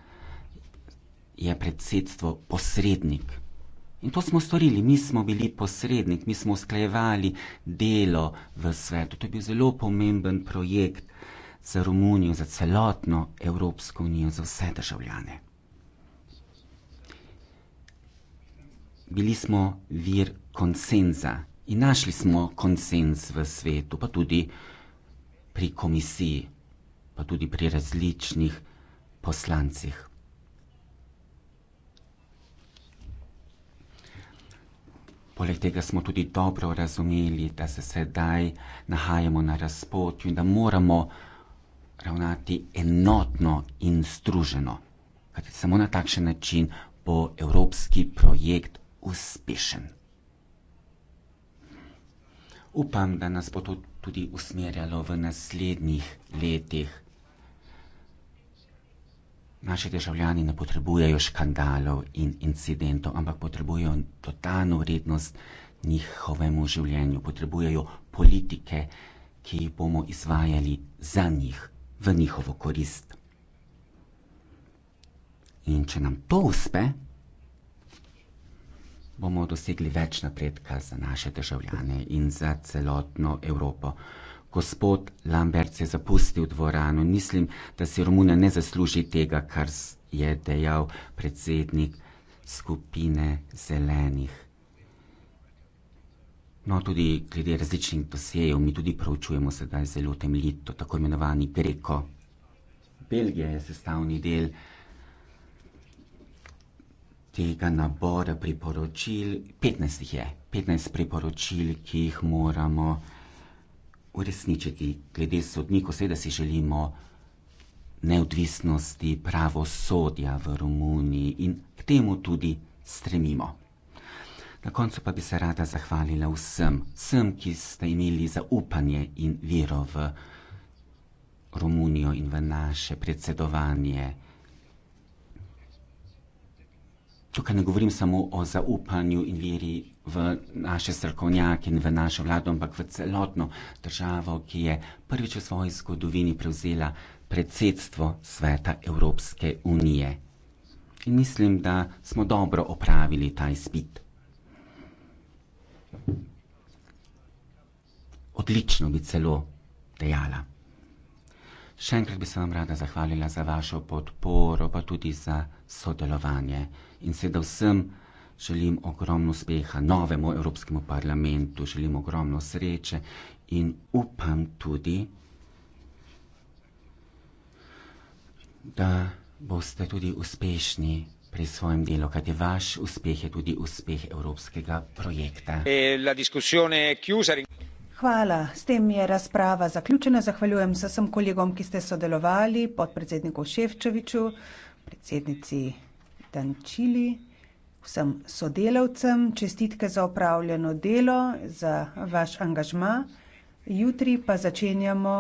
je predsedstvo posrednik. In to smo storili, mi smo bili posrednik, mi smo usklajevali delo v svetu. To je bil zelo pomemben projekt za Romunijo, za celotno Evropsko unijo, za vse državljane. Bili smo vir konsenza. In našli smo konsens v svetu, pa tudi pri komisiji, pa tudi pri različnih poslancih. Poleg tega smo tudi dobro razumeli, da se sedaj nahajamo na razpotju in da moramo ravnati enotno in združeno, kajti samo na takšen način bo evropski projekt uspešen upam, da nas bo to tudi usmerjalo v naslednjih letih. Naši državljani ne potrebujejo škandalov in incidentov, ampak potrebujejo dodano vrednost njihovemu življenju, potrebujejo politike, ki jih bomo izvajali za njih, v njihovo korist. In če nam to uspe, bomo dosegli več napredka za naše državljane in za celotno Evropo. Gospod Lambert je zapustil dvorano. Mislim, da si Romunija ne zasluži tega, kar je dejal predsednik skupine zelenih. No, tudi glede različnih dosejev, mi tudi pravčujemo sedaj zelo temeljito, tako imenovani Greko. Belgija je sestavni del tega nabora priporočil, 15 jih je, 15 priporočil, ki jih moramo uresničiti. Glede sodnikov, seveda si želimo neodvisnosti pravosodja v Romuniji in k temu tudi stremimo. Na koncu pa bi se rada zahvalila vsem, vsem, ki ste imeli zaupanje in vero v Romunijo in v naše predsedovanje. Tukaj ne govorim samo o zaupanju in veri v naše strokovnjake in v našo vlado, ampak v celotno državo, ki je prvič v svoji zgodovini prevzela predsedstvo sveta Evropske unije. In mislim, da smo dobro opravili ta izpit. Odlično bi celo dejala. Še enkrat bi se vam rada zahvalila za vašo podporo, pa tudi za sodelovanje. In seveda vsem želim ogromno uspeha novemu Evropskemu parlamentu, želim ogromno sreče in upam tudi, da boste tudi uspešni pri svojem delu, kajti vaš uspeh je tudi uspeh evropskega projekta. E la Hvala. S tem je razprava zaključena. Zahvaljujem se vsem kolegom, ki ste sodelovali, podpredsedniku Ševčeviču, predsednici Dančili, vsem sodelavcem. Čestitke za opravljeno delo, za vaš angažma. Jutri pa začenjamo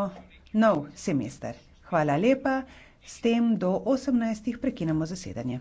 nov semester. Hvala lepa. S tem do 18.00 prekinemo zasedanje.